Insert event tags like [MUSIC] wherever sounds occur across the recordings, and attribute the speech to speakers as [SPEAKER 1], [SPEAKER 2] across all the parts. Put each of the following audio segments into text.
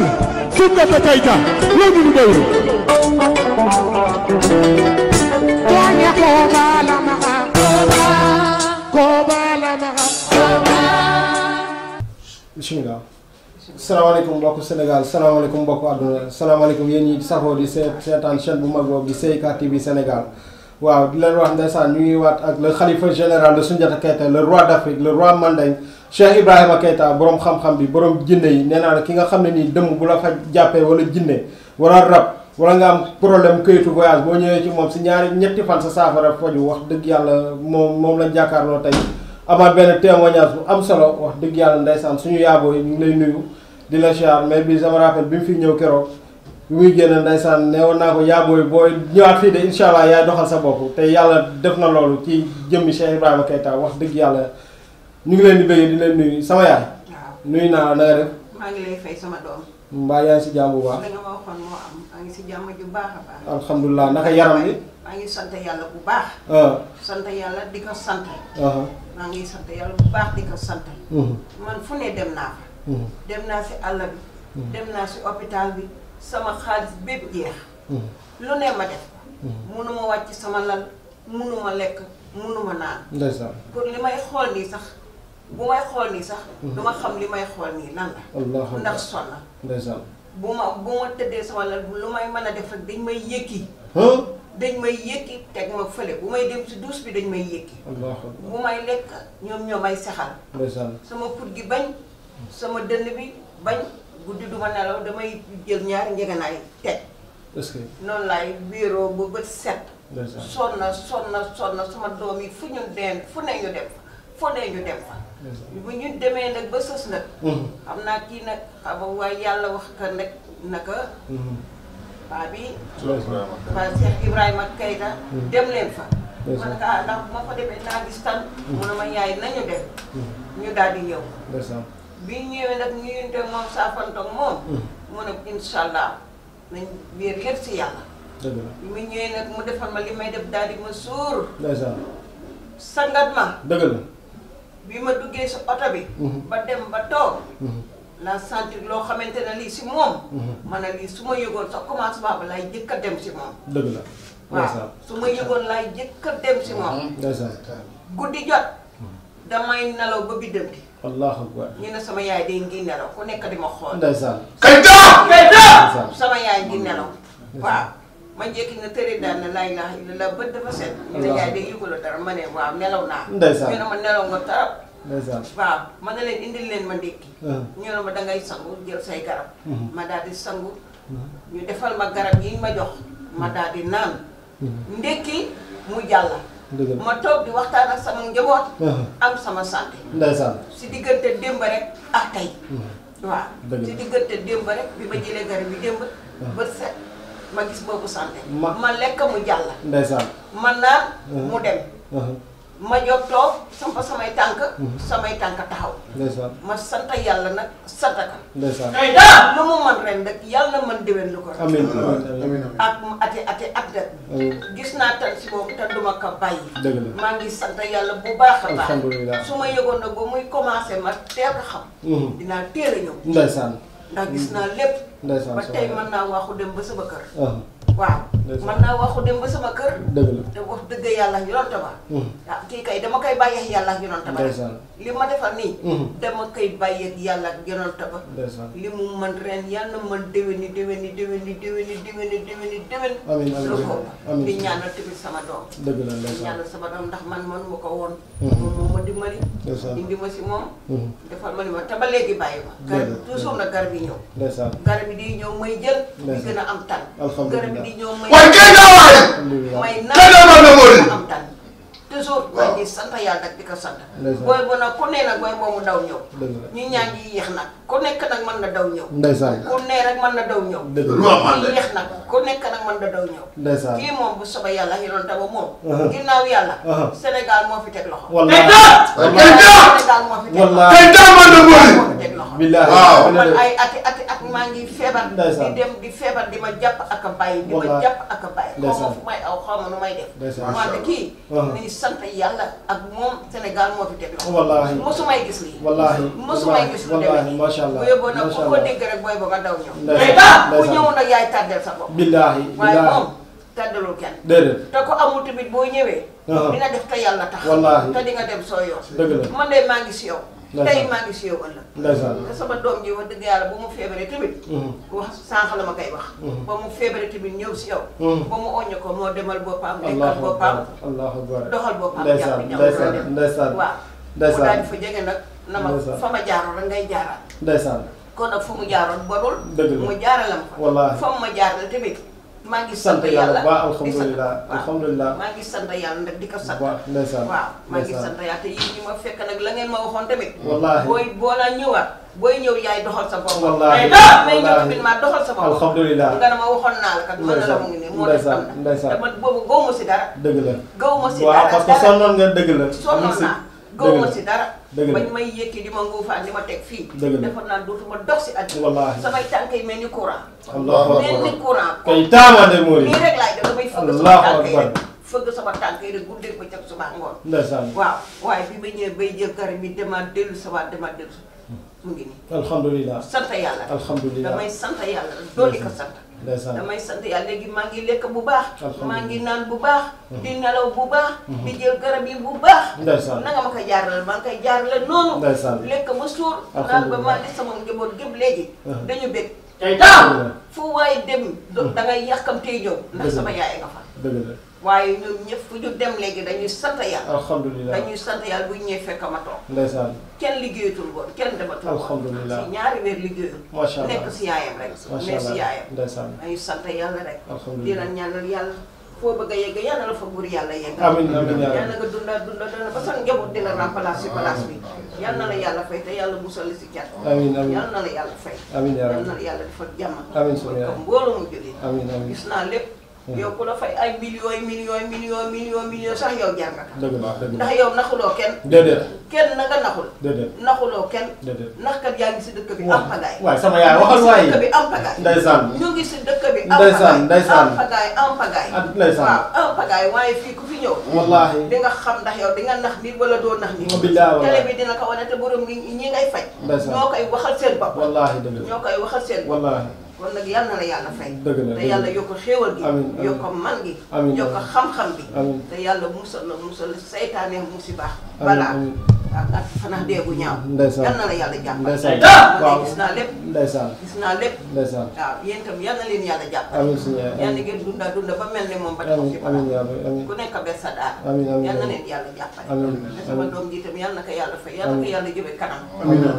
[SPEAKER 1] سنة كايتا لوني نبور
[SPEAKER 2] السلام عليكم بوك
[SPEAKER 3] السنغال السلام عليكم بوك ادنا السلام عليكم يني سافو دي سي سيتان شان بو ماغ بوك دي سي كا تي في سنغال واو دي لن واخ ندسان نيي وات اك لو خليفه جنرال دو سنجاتا كايتا لو روا دافريك لو روا مانداي Cheikh Ibrahima Keita borom xam-xam bi borom jinne yi nee la ki nga xam ne nii dëmm bu la fa jàppee wala jinne wala rab wala nga am problème këyitu voyage boo ñëwee ci moom si ñaari ñetti fan sa saafara faju wax dëgg yàlla moom moom lañ jàkkaarloo tey amaat benn témoignage bu am solo wax dëgg yàlla ndeysaan suñu yaaboo yi ñu ngi lay nuyu di la siyaar mais bi sama rappel bi mu fi ñëw keroog bi muy génn ndeysaan neewoon naa ko yaaboo yi booy ñëwaat fii de incha allah yaay doxal sa bopp te yàlla def na loolu ci jëmmi Cheikh Ibrahima wax dëgg yàlla ñu ngi leen di bëgg di leen nuyu sama yaay. nuyu naa na nga def.
[SPEAKER 4] maa ngi lay fay sama doom.
[SPEAKER 3] mbaa yaa ngi si jàmm bu baax. li
[SPEAKER 4] nga ma waxoon moo am maa ngi si jàmm ju baax a
[SPEAKER 3] baax. alhamdulilah naka yaram bi.
[SPEAKER 4] maa ngi sant yàlla bu baax. Ah. sant yàlla di ko sant. Ah. maa ngi sant yàlla bu baax di ko sant. Mm-hmm. man fu ne dem naa fa. Mm-hmm. dem naa si àll bi. Mm-hmm. dem naa si hôpital bi sama xaalis bépp jeex. lu ne ma def. munuma wàcc sama lal munuma lekk munuma naan. ndeysaan pour li may xool nii sax. bu may xool nii sax. Mhm. du ma xam li may xool nii lan
[SPEAKER 2] la. ndax sonn.
[SPEAKER 3] ndeysaan.
[SPEAKER 4] bu ma bu ma tëddee sama lal lu may mën a def rek dañ may yëkki. dañ may yëkki teg ma fële bu may dem si bi dañ may yëkki. bu may lekk ñoom ñoo may sexal. ndeysaan sama put gi bañ. sama dënn bi bañ guddi du ma nelaw damay jël ñaari njëganaay teg. est noonu laay biiroo ba bët set. ndeysaan sonn sonn sonn sama doom yi fu ñu deen fu ne ñu dem fa fu ne ñu dem fa. bu ñu demee nag ba sos nag. Mhm. xam naa kii nag xaba waaye yàlla wax ka nag naka. Mhm. paa bi. paa Cheikh Ibrahima Keita. Mhm. dem leen fa. ma ne ko ah ndax ma fa demee naa gis tan. mu ma yaay nañu dem. ñu daal di ñëw. bi ñëwee nag ñuyunte moom saafantoog moom. mu ne incha nañ biir yër si yàlla. dëgg la mu ñëwee nag mu defal ma li may def daal di ma suur. sangat ma dëgg la. bi ma duggee si oto bi. Mhm. ba dem ba toog. Mhm. la sentir loo xamante ne lii si moom. Mhm. ma ne lii su ma yëgoon sa commencement ba laay jëkk dem si moom.
[SPEAKER 3] dëgg la. su ma yëgoon
[SPEAKER 4] laay jëkk a dem si moom. guddi jot. damay nelaw ba biddam gi.
[SPEAKER 3] allahu akbar ñu
[SPEAKER 4] ne sama yaay day ngi nelaw ku nekk di ma xool. ndeysaan. kayita kayita. sama yaay di nelaw waaw. ma njëkk nga tëre daan na laay naa la bët dafa set. waaw te yaay day yëgaloo dara ma ne waaw nelaw naa. ndeysaan ñu ne ma nelaw nga tarap. ndeysaan waaw ma ne leen indil leen ma ndékki. Ah. ñu ne ma dangay sangu jël say garab. Mm-hmm. ma daal di sangu. Mm-hmm. ñu defal ma garab yi ma jox. ma mm-hmm. daal di naan. ndékki mu jàll. ma toog di waxtaan sama njaboot. Uh-huh. am sama santé. ndeysaan si diggante démb rek ak ah, tey. waaw si diggante démb rek bi ma jëlee garab yi démb. Uh-huh. bët set. ma gis boobu santé ma lekk mu jàll ndeysaan man naa uh-huh. mu dem uh-huh. ma jóg toog samp samay tànk uh-huh. samay tànk taxaw
[SPEAKER 3] ndeysaan ma
[SPEAKER 4] sant yàlla nag sant ka
[SPEAKER 3] ndeysaan da yàlla
[SPEAKER 4] na mën ko amiin amiin ak ati ati ak da gis naa tan si boobu te duma ko bàyyi maa ngi sant yàlla bu baax a baax su ma yëgoon nag ba muy commencé ma teel ko xam dinaa teel a ñëw
[SPEAKER 3] ndeysaan ndax gis naa lépp. ba tey mën naa
[SPEAKER 4] waaxu dem ba sama kër. Ah. waaw man naa waxu dem ba sama kër te wax dëgg yàlla yonante ba waaw hmm. ah, kii kay dama koy bàyyeek yàlla yonante ba li ma defal nii hmm. dama koy bàyyeek yàlla yonante ba li mu man ren yàlla man déwéni déwéni déwéni déwéni déwéni déwéni di sama doom Binyana sama doom ndax man man ma ko woon hmm. ma dimbali indi ma si moom defal ma ni ma te ba léegi bàyyi ma garab toujours na garab yi garbi di ñëw may jël di am tan waaye kay naa waaye kay naa man na moo di toujours man di yàlla di ko sant booy bu nag ku ne nag booy boobu daw ñëw ñu ñaan yi yéex nag ku nekk nag mën na daw ñëw ku ne kii moom bu soba yàlla yoroon daba moom uh-huh. ginnaaw yàlla uh-huh. Sénégal moo fi teg loxo tey daa Sénégal moo fi teg loxo tey daa mën
[SPEAKER 3] na moo fi teg ay
[SPEAKER 4] ati maa ngi feebar. di dem di feebar di ma jàpp ak a bàyyi. di ma jàpp
[SPEAKER 3] ak a bàyyi. xaw ma fu
[SPEAKER 4] may aw xaw nu may def. ndeysaan wante kii. Uh-huh. ni ak moom Sénégal moo fi teg loxo. wallaahi mosumay gis lii. wallaahi mosumay gis lu demee nii. macha allah sa bopp. billaahi waaye moom te ko boo ñëwee. Uh-huh. dina def te yàlla tax. wallaahi te di nga dem soo yoon. man de maa ngi si yow tey maa ngi sama doom ji wax dëgg yàlla ba mu feebaree tamit mm-hmm. wax sànq la ma koy wax mm-hmm. ba mu feebaree tamit ñëw si yow mm-hmm. ba mu oññu ko moo demal boppam nekkal boppam
[SPEAKER 3] doxal boppam doxal ñam ndeysaan waaw mu daal fa
[SPEAKER 4] jege nag na ma fa ma jaaroon rek ngay
[SPEAKER 3] nag
[SPEAKER 4] fu mu jaaroon borul mu jaarale ma fa fa mu ma jaarale tamit maa ngi sant yàlla alhamdulilah alhamdulilah maa ngi sant yàlla nag di ko sant waaw maa ngi sant yàlla te yéen ñi ma fekk nag la ngeen ma waxoon tamit wallaahi booy boo la ñëwaat booy ñëw yaay doxal sa bopp wallaahi may ñëw tamit maa doxal sa bopp alhamdulilah nga ne ma waxoon naa la kat mën na la mu ngi ne moo tax ndeysaan te man boobu gaw ma si dara dëgg
[SPEAKER 3] la gaw ma si dara waaw parce que sonnoon ngeen dëgg la sonnoon naa gaw ma si dara bañ may
[SPEAKER 4] yëkki di ma nguufaan di ma teg fii defoon naa dootuma dox si ak samay tànk yi mel ni courant mel ni courant kay taamaande mooy nii rek laay ba cag suba ngoon ndeysaan waaw waaye bi ma ñëwee bay jël garab demaat dellu sawaat
[SPEAKER 3] demaat dellu mu ngi nii alhamdulilah sant yàlla damay sant
[SPEAKER 4] yàlla dolli ko sant damay sant yàlla léegi maa ngi lekk bu baax maa nan naan bu baax hmm. di nelaw bu baax hmm. di jël garab yi bu baax na nga ma koy jaarale maa ngi koy jaarale noonu lek ba suur naan ba maa ngi sama dañu hmm. fu dem da ngay yàkkamtee ñëw ndax sama yaay nga fa waaye ñoom ñëpp fu ñu dem léegi dañuy sant yàlla.
[SPEAKER 3] alhamdulilah dañuy
[SPEAKER 4] sant yàlla bu ñu ñëwee fekk ma toog. ndeysaan kenn liggéeyatul woon kenn dematul woon. si ñaari weer liggéeyul. macha allah nekk si yaayam rek. macha allah si yaayam. ndeysaan dañuy sant yàlla rek. alhamdulilah yàlla. foo bëgg a yegg yàlla la fa buur yàlla yegg. amiin amiin yàlla yàlla nga dunda dunda la yàlla fay te yàlla musal la si cat. amiin amiin yàlla la yàlla fay. amiin yàlla yàlla na la yàlla defal jàmm.
[SPEAKER 2] amiin suñu yàlla
[SPEAKER 4] mbooloo mu julli.
[SPEAKER 2] amiin amiin yow
[SPEAKER 4] ku la fay ay millions millions millions millions millions sax yow jar nga
[SPEAKER 3] ndax
[SPEAKER 4] yow naxuloo kenn. déedéet kenn na nga naxul. déedéet naxuloo kenn. déedéet ndax kat yaa ngi si dëkk bi am pagaay. waay sama yaay waxal waay ñu ngi si bi am pagaay. si dëkk bi am pagaay ndeysaan am pagaay am pagaay. waaw am pagaay waaye fii ku fi ñëw. wallaahi di nga xam ndax yow di nga nax nit wala doo nax nit. télé bi dina ko wane te borom ñi ngay fay. ñoo koy waxal seen bopp. wallaahi ñoo koy waxal seen bopp kon nag yal na la yàlla fay. te yàlla yokk xéewal gi. amiin amiin yokk man gi. amiin yokk xam-xam bi. te yàlla musal na musal seytaane musiba. balaa ak ak fanax la yàlla gis naa lépp. ndeysaan gis naa lépp. ndeysaan waaw yéen leen yàlla jàppale. mel ne moom ba taxaw ci balaa. a bees yàlla jàppale. amiin ko yàlla fay. kanam.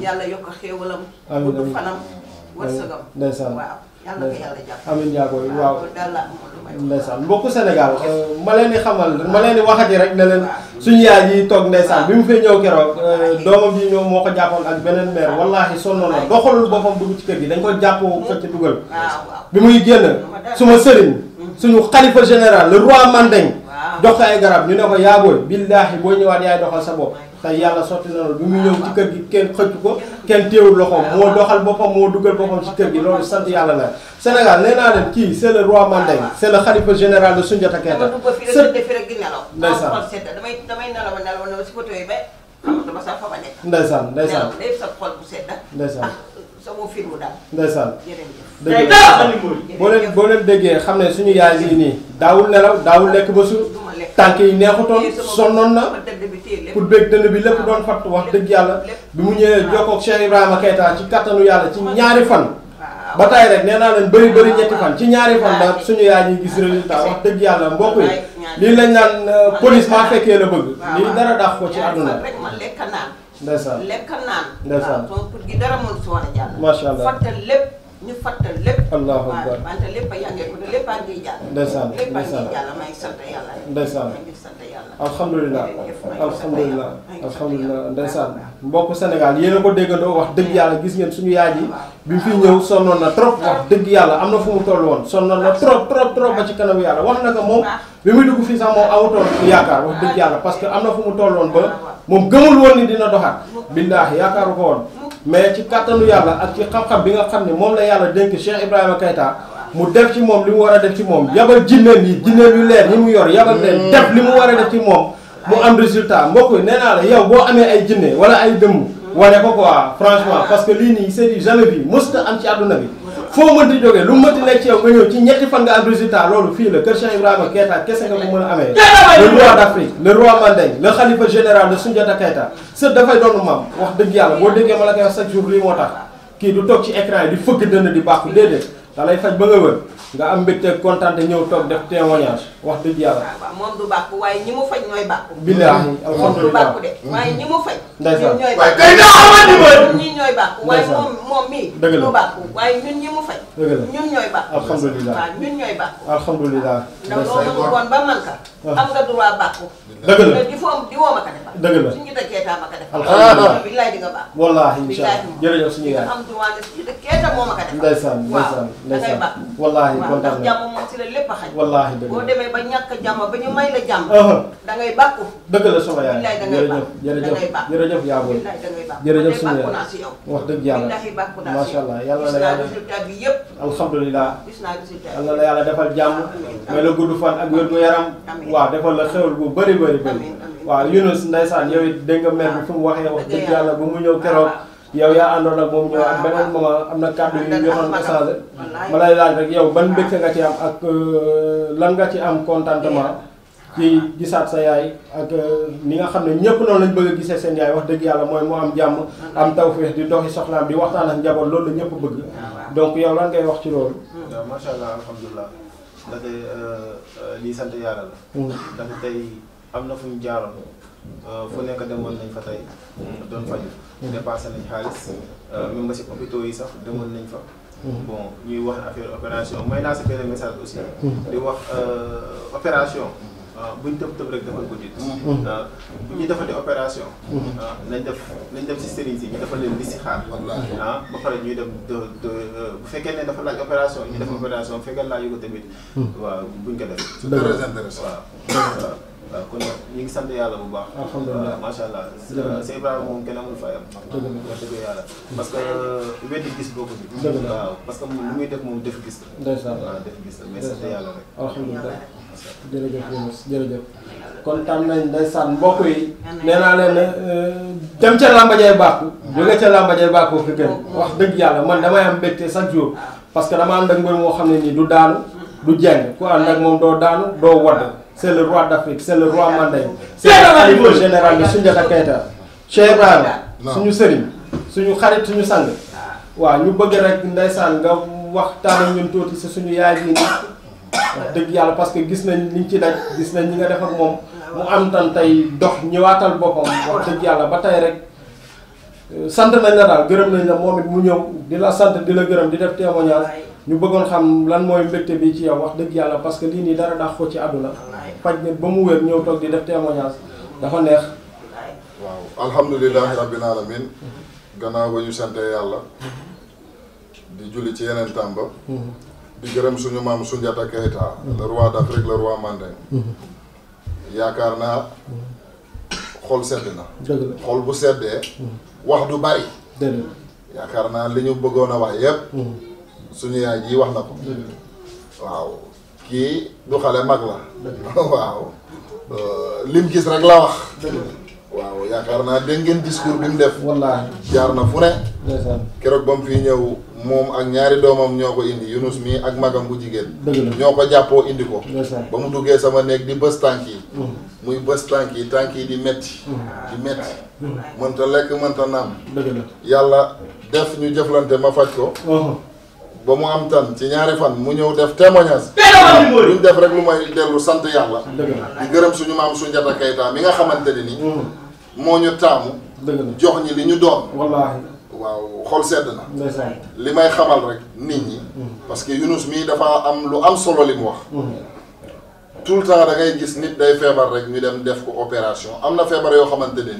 [SPEAKER 4] yàlla yokk xéewalam. gudd fanam wërsëgam
[SPEAKER 3] ndeysaan waaw yàlla ko yàlla jàpp amiin yaa koy waaw ndeysaan mbokku Sénégal euh, ma leen di xamal ma leen di waxati rek ne leen suñu yaay ji toog ndeysaan bi mu fee ñëw keroog euh, doomam ji ñoom moo ko jàppoon ak beneen mère wallaahi sonnoon na doxalul boppam dugg ci kër gi dañ ko jàpp fecc dugal bi muy génn ma sëriñ mm-hmm. suñu xalifa général le roi Mandeng jox ko ay garab ñu ne ko yaa booy billaahi boo ñëwaat yaay doxal sa bopp tey yàlla sotti na bi muy ñëw ci kër gi kenn xëcc ko kenn téewul loxoom moo doxal boppam moo dugal boppam ci kër gi loolu sant yàlla la Sénégal nee naa leen kii c' est le roi Mandeng c' est le xalifa général de Soundiata Keita ndeysaan ndeysaan
[SPEAKER 4] ndeysaan sama firnde daal. ndeysaan
[SPEAKER 3] dëgg la boo leen boo leen déggee xam ne suñu yaay yi nii daawul nelaw daawul lekk ba su tànk yi neexutoon sonnoon na pour bëgg dënn bi lépp doon fatt wax dëgg yàlla bi mu ñëwee jokkoo ak Cheikh Ibrahima Keita ci kattanu yàlla ci ñaari fan. ba tay rek nee naa leen bëri bëri ñetti fan ci ñaari fan daal suñu yaay ñuy gis résultat wax dëgg yàlla mbokk yi lii lañ naan euh, police maa fekkee la bëgg lii dara dàq ko ci àdduna
[SPEAKER 2] ndeysaan
[SPEAKER 4] lekk naan. ndeysaan waaw soo pour gi dara mënut si war a jàll. macha allah fàttal lépp. ñu
[SPEAKER 3] fàttal lépp. allahu
[SPEAKER 2] akbar
[SPEAKER 4] wante lépp a yàggee ko te lépp a ngi jàll. ndeysaan ndeysaan lépp a ngi jàll maa ngi sant
[SPEAKER 3] yàlla. ndeysaan maa mbokk Sénégal yéen a ko déggandoo wax dëgg yàlla gis ngeen suñu yaay ji bi mu fi ñëw sonnoon na trop wax dëgg yàlla am na fu mu toll woon sonnoon na trop trop trop ba ci kanam yàlla wax na ko moom bi muy dugg fii sax moom awutoon yaakaar wax dëgg yàlla parce que am na fu mu toll woon ba moom gëmul woon ni dina doxat billaahi yaakaaru ko woon mais ci kàttanu yàlla ak ci xam-xam bi nga xam ne moom la yàlla dénk Cheikh Ibrahima kayta mu def ci moom li mu war a def ci moom yabal jinneen yi jinneen yu leer yi mu yor yabal leen mm. def li mu war a def ci moom mu am résultat mbokk yi nee naa la yow boo amee ay jinne wala ay dëmm wane ko quoi franchement parce que lii nii c'est du jamais vu mosut am ci àdduna bi foo mënti jógee lu mënti nekk ci yow nga ñëw ci ñetti fan nga am résultat loolu fii la Kër Cheikh Ibrahima Keita kese nga ko mën a amee. le roi d'Afrique le roi Mandeng le xalifa général de Soundiata Keita sët dafay doon maam wax dëgg yàlla boo déggee ma la koy wax chaque jour lii moo tax kii du toog ci écran yi di fëgg dënn di bàkku déedéet da lay faj ba nga wër nga am mbégte kontaan te ñëw toog def témoignage wax dëgg yàlla. Ah, waaw
[SPEAKER 4] moom du bàkku waaye ñi mu faj ñooy bàkku. billahi moom du bàkku de waaye ñi mu faj. ndeysaan ñun ñooy bàkku waaye ñun ñii ñooy bàkku. waaye moom moom mii. dëgg la du bàkku waaye ñun ñi mu faj.
[SPEAKER 3] dëgg la ñun ñooy bàkku. alhamdulilah waaw ñun ñooy bàkku. alhamdulilah. ndax loolu mënul woon ba man ka. Ah. am nga
[SPEAKER 4] droit bàkku. dëgg la di foom di woo ma ka defal. dëgg la suñu dëkkee taa ma ka defal. alhamdulilah billahi di nga baax.
[SPEAKER 3] wallaahi incha allah jërëjëf suñu yaay. am
[SPEAKER 4] droit nga suñu dëkkee ta moo ma ka defal. ndeysaan ndeysaan dangay baax wallaahi kontaan ndax jàmm moom si la a xaj wallaahi dëgg boo demee ba ñàkk jàmm ba ñu may la jàmm uh-huh. dangay bàkku
[SPEAKER 3] dëgg la sama yaay billaay dangay yaa
[SPEAKER 4] booy billaay dangay yaay si yow wax dëgg yàlla billaay si yow allah yàlla la yàlla résultat bi yëpp
[SPEAKER 3] alhamdulilah
[SPEAKER 4] gis naa résultat yàlla la yàlla
[SPEAKER 3] defal jàmm may la gudd fan ak wér yaram waaw defal la xewal bu bëri bëri bëri waaw Yunus ndeysaan yow it dégg nga bi fu mu waxee wax dëgg yàlla ba mu ñëw keroog yow yaa àndoon ak moom ñëw ak beneen moment am na kàddu yu ñu jotoon échangé ma lay laaj rek yow ban mbégte nga ci am ak euh, lan nga ci am contentement ci gisaat sa yaay ak euh, ni nga xam ne ñëpp noonu lañ bëgg a gisee seen yaay wax dëgg yàlla mooy mu am jàmm mm-hmm. am tawféex di doxi soxlaam di waxtaan ak njaboot loolu la ñëpp bëgg donc yow lan ngay wax ci loolu
[SPEAKER 2] waaw mm. macha allah alhamdulilah ndaxte euh, lii sant yàlla mm. tey am na fu ñu jaaroon euh, fu nekk demoon nañ fa tey mm-hmm. doon faju mm-hmm. dépassé nañ xaalis euh, mm-hmm. même ba si hôpitaux yi sax demoon nañ fa bon ñuy wax affaire opération may naa si benn message aussi di wax euh, opération bu ñu tëb tëb rek defal ko nit bu ñu defati opération nañ def nañ def si sëriñ si ñu defal leen li ah, ba pare ñuy dem de de bu fekkee ne dafa laaj opération ñu def opération bu fekkee laaj yu ko tamit waaw buñ ko def c'est très intéressant waaw kon ñu ngi sant yàlla bu baax. alhamdulilah macha allah. Sey Ibrahima moom kenn amul fayam. dëgg la wax dëgg yàlla. parce que weddi gis boobu bi. dëgg la waaw parce que moom lu muy def moom def gis
[SPEAKER 3] la. ndeysaan waaw def gis la mais sant yàlla rek. alhamdulilah jërëjëf Yunus jërëjëf. kontaan nañ ndeysaan mbokk yi. nee naa leen ne dem ca Lambadiaye Bakku. jóge ca Lambadiaye dama ànd ak mbir moo xam du daanu. du jeng ku ànd ak moom daanu doo wadd c'est le roi d'Afrique, c'est le roi Mandaï. c'est le niveau général de Sundiata Keita. Cheikh Ibrahim, suñu sëriñ, suñu xarit, suñu sang. Waaw ñu bëgg rek ndeysaan nga waxtaan ñun tuuti ci suñu yaay yi wax que gis nañ liñ ci daj gis nañ ñi nga am tan doh dox ñëwaatal boppam degi dëgg yàlla rek euh, sant nañ la daal gërëm di la sant di la di ñu bëggoon xam lan mooy mbégte bi ci yow wax dëgg yàlla parce que lii nii dara daax ko ci àdduna faj nit ba mu wér ñëw toog di def témoignage dafa neex waaw alhamdulilahi
[SPEAKER 1] rabbil alamin gannaaw ba ñu sante yàlla di julli ci yeneen tàmba di gërëm suñu maam Sundiata Keita le roi d'Afrique le roi mandin yaakaar naa xol sedd na xol bu seddee wax du bari yaakaar naa li ñu bëggoon a wax yépp mm-hmm suñu yaay ji wax na ko waaw kii du xale mag la [LAUGHS] waaw euh, lim gis rek la wax waaw yaakaar naa dégg ngeen discours bi def wallaahi jaar na fu ne keroog ba mu fii ñëw moom ak ñaari doomam ñoo indi Yunus mii ak magam bu jigéen ñoo ko jàppoo indi ko ba mu duggee sama néeg di bës tànk yi mm. muy bës tànk yi tànk yi di metti mm. di metti mënta lekk mënta nam yàlla def ñu jëflante ma faj ko uh-huh. ba mu am tan ci ñaari fan mu ñëw def témoignage luñ def rek lu may dellu sant yàlla di gërëm suñu maam Soundiata Keita mi nga xamante ni nii mm. moo ñu taamu jox ñi li ñu doon waaw xol sedd na li may xamal rek nit ñi mm. parce que Yunus mii dafa am lu am solo li mu wax mm. tout le temps ngay gis nit day feebar rek ñu dem def ko opération am na feebar yoo xamante ne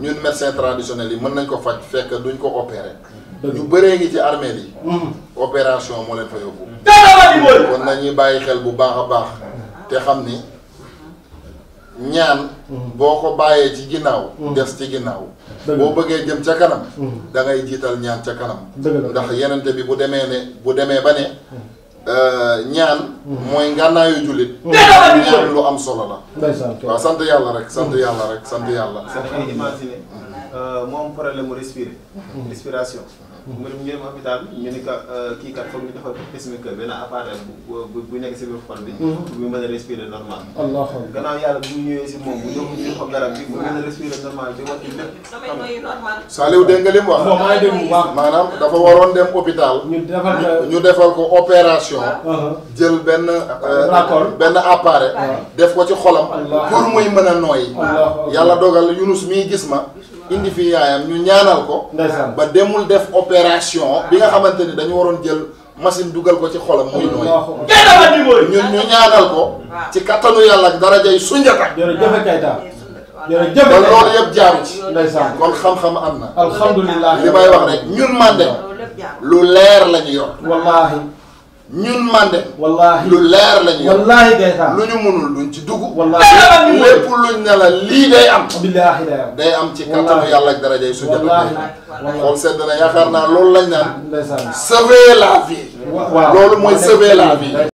[SPEAKER 1] ni ñun médecin traditionnel yi mën nañ ko faj fekk duñ ko opéré ñu bëree ngi ci armeel yi mm-hmm. opération moo leen fa yóbbu kon nañuy bàyyi xel bu baax a baax te xam ni ñaan mm-hmm. boo ko bàyyee ci ginnaaw mm-hmm. des ci ginnaaw boo bëggee jëm ca kanam da ngay jiital ñaan ca kanam ndax yenente bi bu demee ne bu demee ba ne euh, ñaan mooy ngànnaayu jullit ñaan lu am solo
[SPEAKER 2] la waaw sant yàlla rek sant yàlla rek sant yàlla euh, moom problème mu respire nga euh, bu bu nekk si biir xol mm-hmm. a respirer ko garab bi mu mën a respirer normal bi wax li mu wax. non maanaam dafa waroon dem hôpital. ñu defal ko ñu defal
[SPEAKER 1] ko opération. Uh-huh. jël benn. Euh, raccord benn appareil. Uh-huh. def ko ci xolam. pour muy mën a nooy. yàlla dogal Yunus mii gis indi fi yaayam ñu ñaanal ko. ba demul def opération. bi nga xamante ni dañu waroon jël machine dugal ko ci xolam. muy nooy ñun ñu ñaanal ko. ci kattanu yàlla ak darajay yi jërëjëf Keita jërëjëf ba loolu yëpp jaaru ci. kon xam-xam am na. alhamdulilah li may wax rek ñun Mandé. lu leer la ñu ñun mande wallaahi lu leer la ñu. wallaahi day am lu ñu mënul luñ ci dugg. wallaahi lépp luñ ne la lii day am. billaahi day am day am ci kattanu yàlla ak daraja yi su jot xool sedd na yaakaar naa loolu lañ naan. sauver la vie. waaw loolu mooy sauver la vie.